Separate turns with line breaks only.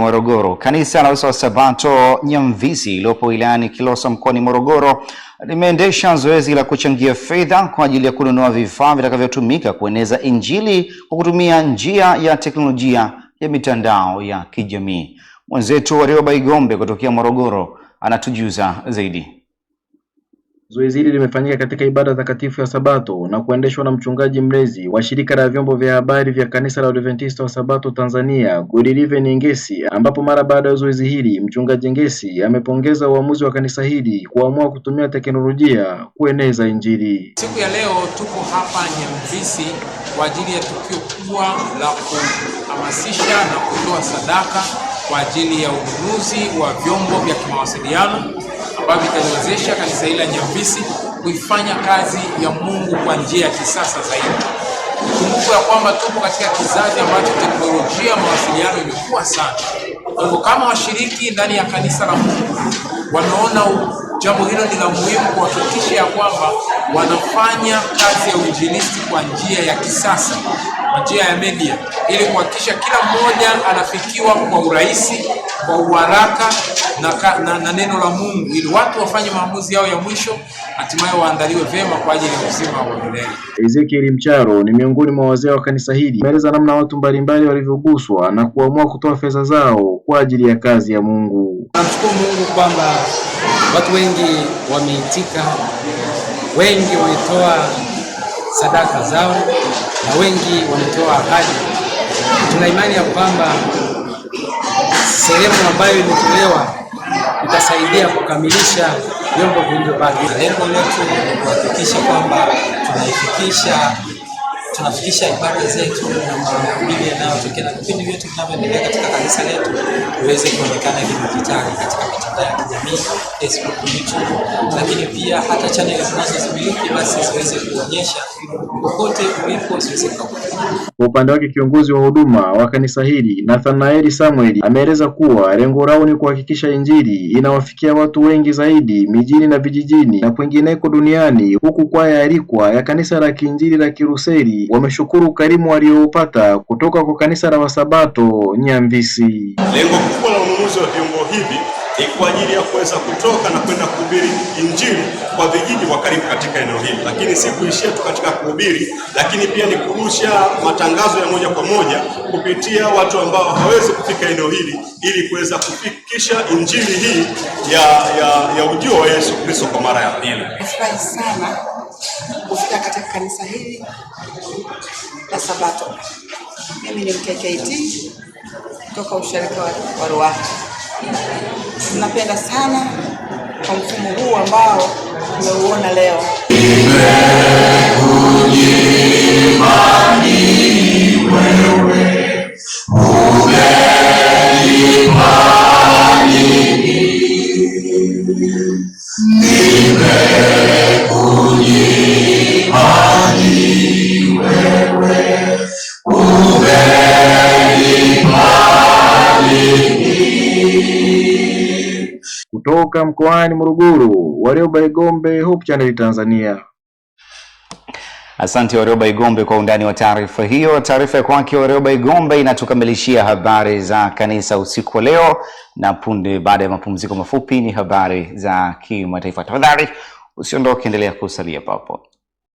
Morogoro. Kanisa la Sabato Nyamvisi iliyopo wilayani Kilosa mkoani Morogoro limeendesha zoezi la kuchangia fedha kwa ajili ya kununua vifaa vitakavyotumika kueneza Injili kwa kutumia njia ya teknolojia ya mitandao ya kijamii. Mwenzetu Warioba Igombe kutokea Morogoro anatujuza zaidi.
Zoezi hili limefanyika katika ibada takatifu ya Sabato na kuendeshwa na mchungaji mlezi wa shirika la vyombo vya habari vya kanisa la Adventista wa Sabato Tanzania, Godilive Ngesi, ambapo mara baada ya zoezi hili mchungaji Ngesi amepongeza uamuzi wa kanisa hili kuamua kutumia teknolojia kueneza Injili.
Siku ya leo tuko hapa Nyamvisi kwa ajili ya tukio kubwa la kuhamasisha na kutoa sadaka kwa ajili ya ununuzi wa vyombo vya kimawasiliano ambavyo italiwezesha kanisa hili la Nyambisi kuifanya kazi ya Mungu kwa njia ya kisasa zaidi. Kumbuka ya kwamba tupo katika kizazi ambacho teknolojia mawasiliano imekuwa sana. Kwa hivyo kama washiriki ndani ya kanisa la Mungu wameona jambo hilo ni la muhimu kuhakikisha ya kwamba wanafanya kazi ya uinjilisti kwa njia ya kisasa kwa njia ya media, ili kuhakikisha kila mmoja anafikiwa kwa urahisi, kwa uharaka na, na, na neno la Mungu, ili watu wafanye maamuzi yao ya mwisho, hatimaye waandaliwe vyema kwa ajili ya uzima wa milele.
Ezekiel Mcharo ni miongoni mwa wazee wa kanisa hili, ameeleza namna watu mbalimbali walivyoguswa na kuamua kutoa fedha zao kwa ajili ya kazi ya Mungu.
Namshukuru Mungu kwamba watu wengi wameitika, wengi wametoa sadaka zao na wengi wametoa ahadi. Tuna imani ya kwamba sehemu ambayo imetolewa itasaidia kukamilisha vyombo vilivyobaki.
Lengo letu ni kuhakikisha kwamba tunaifikisha tunafikisha ibada zetu na mahubiri yanayotokea na vipindi vyetu vinavyoendelea katika kanisa letu iweze kuonekana kidijitali katika mitandao ya kijamii Facebook, YouTube, lakini pia hata chaneli zinazozimiliki basi ziweze kuonyesha popote ulipo ziweze kukufikia.
Kwa upande wake kiongozi wa huduma wa kanisa hili Nathanael Samuel ameeleza kuwa lengo lao ni kuhakikisha Injili inawafikia watu wengi zaidi mijini na vijijini na kwingineko duniani, huku kwaya Alikwa ya kanisa la Kiinjili la Kiruseli wameshukuru ukarimu walioupata kutoka kwa kanisa la Wasabato Nyamvisi.
Lengo kubwa la ununuzi wa vyombo hivi ni kwa ajili ya kuweza kutoka na kwenda kuhubiri Injili kwa vijiji wa karibu katika eneo hili, lakini si kuishia tu katika kuhubiri, lakini pia ni kurusha matangazo ya moja kwa moja kupitia watu ambao hawawezi kufika eneo hili, ili kuweza kufikisha Injili hii ya, ya, ya ujio wa Yesu Kristo kwa mara ya pili.
Nafurahi sana kufika katika kanisa hili la Sabato. Mimi ni mKKT kutoka usharika wa Ruaha. Tunapenda sana kwa mfumo huu ambao tumeuona leo.
kutoka mkoani Morogoro, Warioba Igombe, Hope Channel Tanzania. Asante Warioba Igombe kwa undani wa taarifa hiyo. Taarifa ya kwake Warioba Igombe inatukamilishia habari za kanisa usiku wa leo, na punde baada ya mapumziko mafupi ni habari za kimataifa. Tafadhali usiondoke, endelea kusalia papo.